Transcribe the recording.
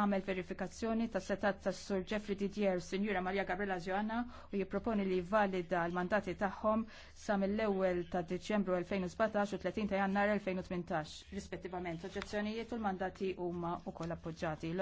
għamel verifikazzjoni ta' setat ta' Sur Jeffrey Didier, Sinjura Maria Gabriela Zjoana u jipproponi li valida l-mandati tagħhom sa mill-ewwel ta' Diċembru 2017 u 30 ta' Jannar 2018, rispettivament. Oġġezzjonijiet u l-mandati huma wkoll appoġġati.